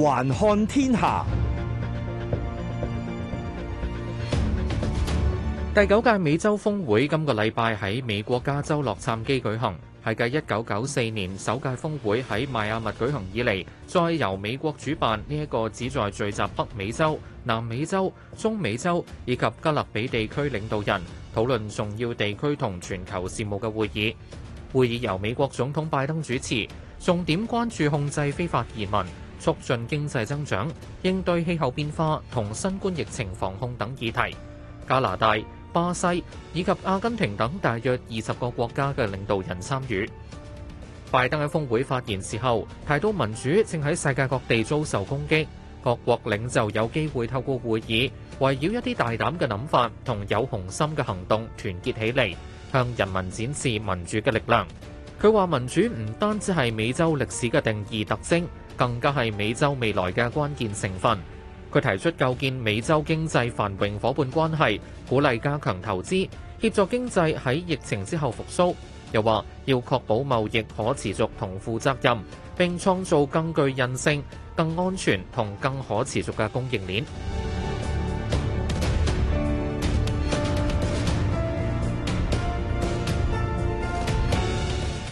環看天下。第九屆美洲峰會今個禮拜喺美國加州洛杉磯舉行，係繼一九九四年首屆峰會喺邁阿密舉行以嚟，再由美國主辦呢一個旨在聚集北美洲、南美洲、中美洲以及加勒比地區領導人討論重要地區同全球事務嘅會議。會議由美國總統拜登主持，重點關注控制非法移民。促進經濟增長、應對氣候變化同新冠疫情防控等議題。加拿大、巴西以及阿根廷等大約二十個國家嘅領導人參與。拜登喺峰會發言時候提到民主正喺世界各地遭受攻擊，各國領袖有機會透過會議圍繞一啲大膽嘅諗法同有雄心嘅行動，團結起嚟，向人民展示民主嘅力量。佢話：民主唔單止係美洲歷史嘅定義特徵。更加係美洲未來嘅關鍵成分。佢提出構建美洲經濟繁榮伙伴關係，鼓勵加強投資，協助經濟喺疫情之後復甦。又話要確保貿易可持續同負責任，並創造更具韌性、更安全同更可持續嘅供應鏈。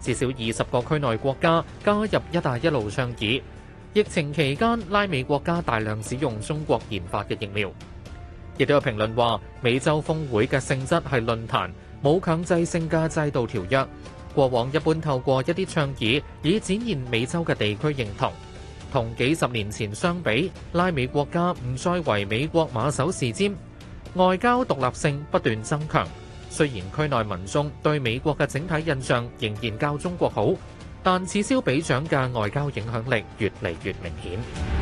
至少二十個區內國家加入“一帶一路”倡議。疫情期間，拉美國家大量使用中國研發嘅疫苗。亦都有評論話，美洲峰會嘅性質係論壇，冇強制性嘅制度條約。過往一般透過一啲倡議，以展現美洲嘅地區認同。同幾十年前相比，拉美國家唔再為美國馬首是瞻，外交獨立性不斷增強。雖然區內民眾對美國嘅整體印象仍然較中國好，但此消彼長嘅外交影響力越嚟越明顯。